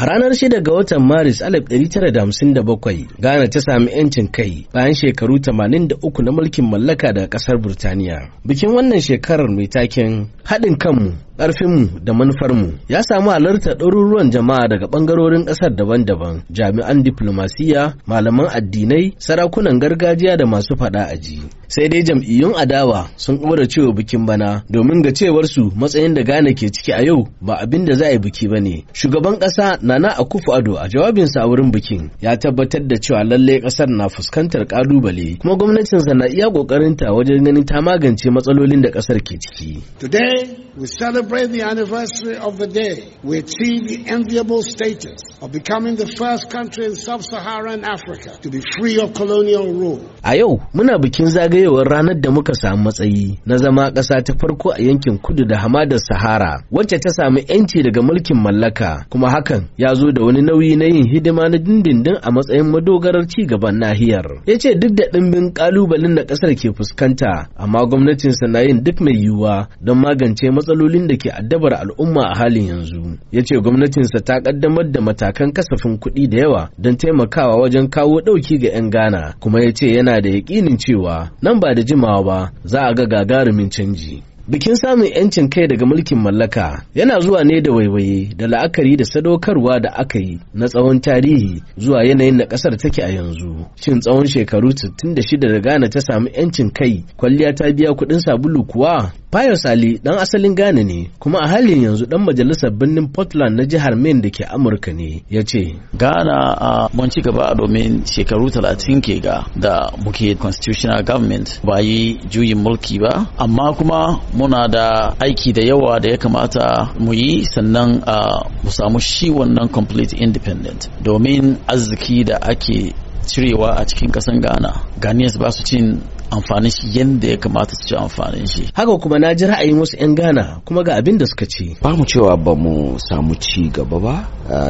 A ranar 6 ga watan Maris 1957, Ghana ta sami 'yancin kai bayan shekaru 83 na mulkin mallaka daga ƙasar Burtaniya. Bikin wannan shekarar mai taken haɗin kanmu ƙarfinmu da manufarmu ya samu halartar ɗaruruwan jama'a daga ɓangarorin ƙasar daban-daban jami'an diplomasiya malaman addinai sarakunan gargajiya da masu faɗa a aji sai dai jam'iyyun adawa sun ƙora cewa bikin bana domin ga cewar su matsayin da gane ke ciki a yau ba abin da za a yi biki ba ne. Shugaban ƙasa Nana akufu ado a jawabinsa a wurin bikin ya tabbatar da cewa lallai ƙasar na fuskantar ƙalubale kuma sa na iya ƙoƙarinta wajen ganin ta magance matsalolin da ƙasar ke ciki. Today we celebrate the anniversary of the day we achieve the enviable status of becoming the first country in sub-Saharan Africa to be free of colonial rule. A yau muna bikin zagaye zagayowar ranar da muka samu matsayi na zama ƙasa ta farko a yankin kudu da hamadar Sahara wacce ta samu 'yanci daga mulkin mallaka kuma hakan ya zo da wani nauyi na yin hidima na dindindin a matsayin madogarar ci gaban nahiyar. Ya ce duk da ɗimbin ƙalubalen da ƙasar ke fuskanta amma gwamnatinsa na yin duk mai yiwuwa don magance matsalolin da ke addabar al'umma a halin yanzu. Ya ce gwamnatinsa ta ƙaddamar da matakan kasafin kuɗi da yawa don taimakawa wajen kawo ɗauki ga 'yan Ghana kuma ya ce yana da yaƙinin cewa na nan ba da jimawa ba za a ga gagarumin canji Bikin samun 'yancin kai daga mulkin mallaka yana zuwa ne da waiwaye da la'akari da sadaukarwa da aka yi na tsawon tarihi zuwa yanayin da ƙasar take a yanzu. Shin tsawon shekaru 66 da Ghana ta samu 'yancin kai kwalliya ta biya kuɗin sabulu kuwa? Fayo Sali ɗan asalin Ghana ne kuma a halin yanzu ɗan majalisar birnin Portland na jihar Maine da ke Amurka ne ya ce. Ghana a mun ci gaba a domin shekaru 30 ke ga da muke constitutional government ba yi juyin mulki ba amma kuma muna da aiki da yawa da ya kamata mu yi sannan ah, mu samu shi wannan complete independent domin arziki da ake cirewa a cikin kasan ghana ghanaians ba su cin amfanin shi yadda ya kamata su ci amfanin shi haka kuma na ji ra'ayin wasu 'yan ghana kuma ga abin da suka ce ba mu cewa ba mu samu ci gaba ba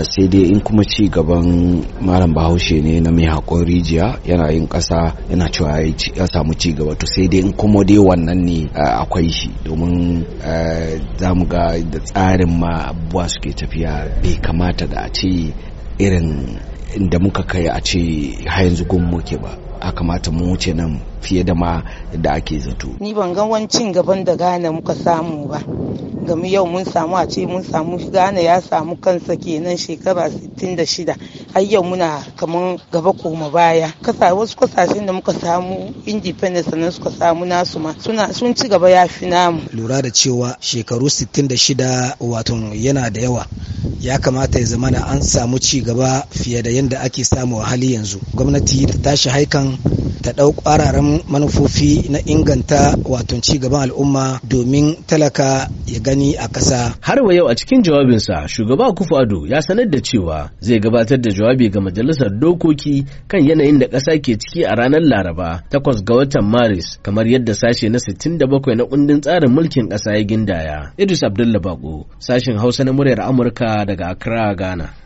sai dai in kuma ci gaban malam bahaushe ne na mai haƙon rijiya yana yin ƙasa yana cewa ya samu ci gaba to sai dai in kuma dai wannan ne akwai shi domin za mu ga da tsarin ma abubuwa suke tafiya bai kamata da a ce irin inda muka kai a ce har yanzu gun muke ba a kamata mu wuce nan fiye da ma da ake zato. Ni ban ga wancin gaban da Ghana muka samu ba. Game yau mun samu a ce mun samu Ghana ya samu kansa kenan shekara 66 har yau muna kaman gaba koma baya. Kasa wasu kasashen da muka samu independence sannan suka samu nasu ma suna sun ci gaba ya fi namu. Lura da cewa shekaru 66 wato yana da yawa. ya kamata ya zama zamana an samu ci gaba fiye da yadda ake samu a hali yanzu gwamnati ta tashi haikan ta ɗau ƙwararren manufofi na inganta wato ci gaban al'umma domin talaka ya gani a ƙasa. Har wa yau a cikin jawabinsa shugaba ado ya sanar da cewa zai gabatar da jawabi ga majalisar dokoki kan yanayin da ƙasa ke ciki a ranar Laraba takwas ga watan Maris kamar yadda sashe na sittin da bakwai na kundin tsarin mulkin ƙasa ya gindaya. Idris Abdullah Bako sashen Hausa na muryar Amurka daga Accra, Ghana.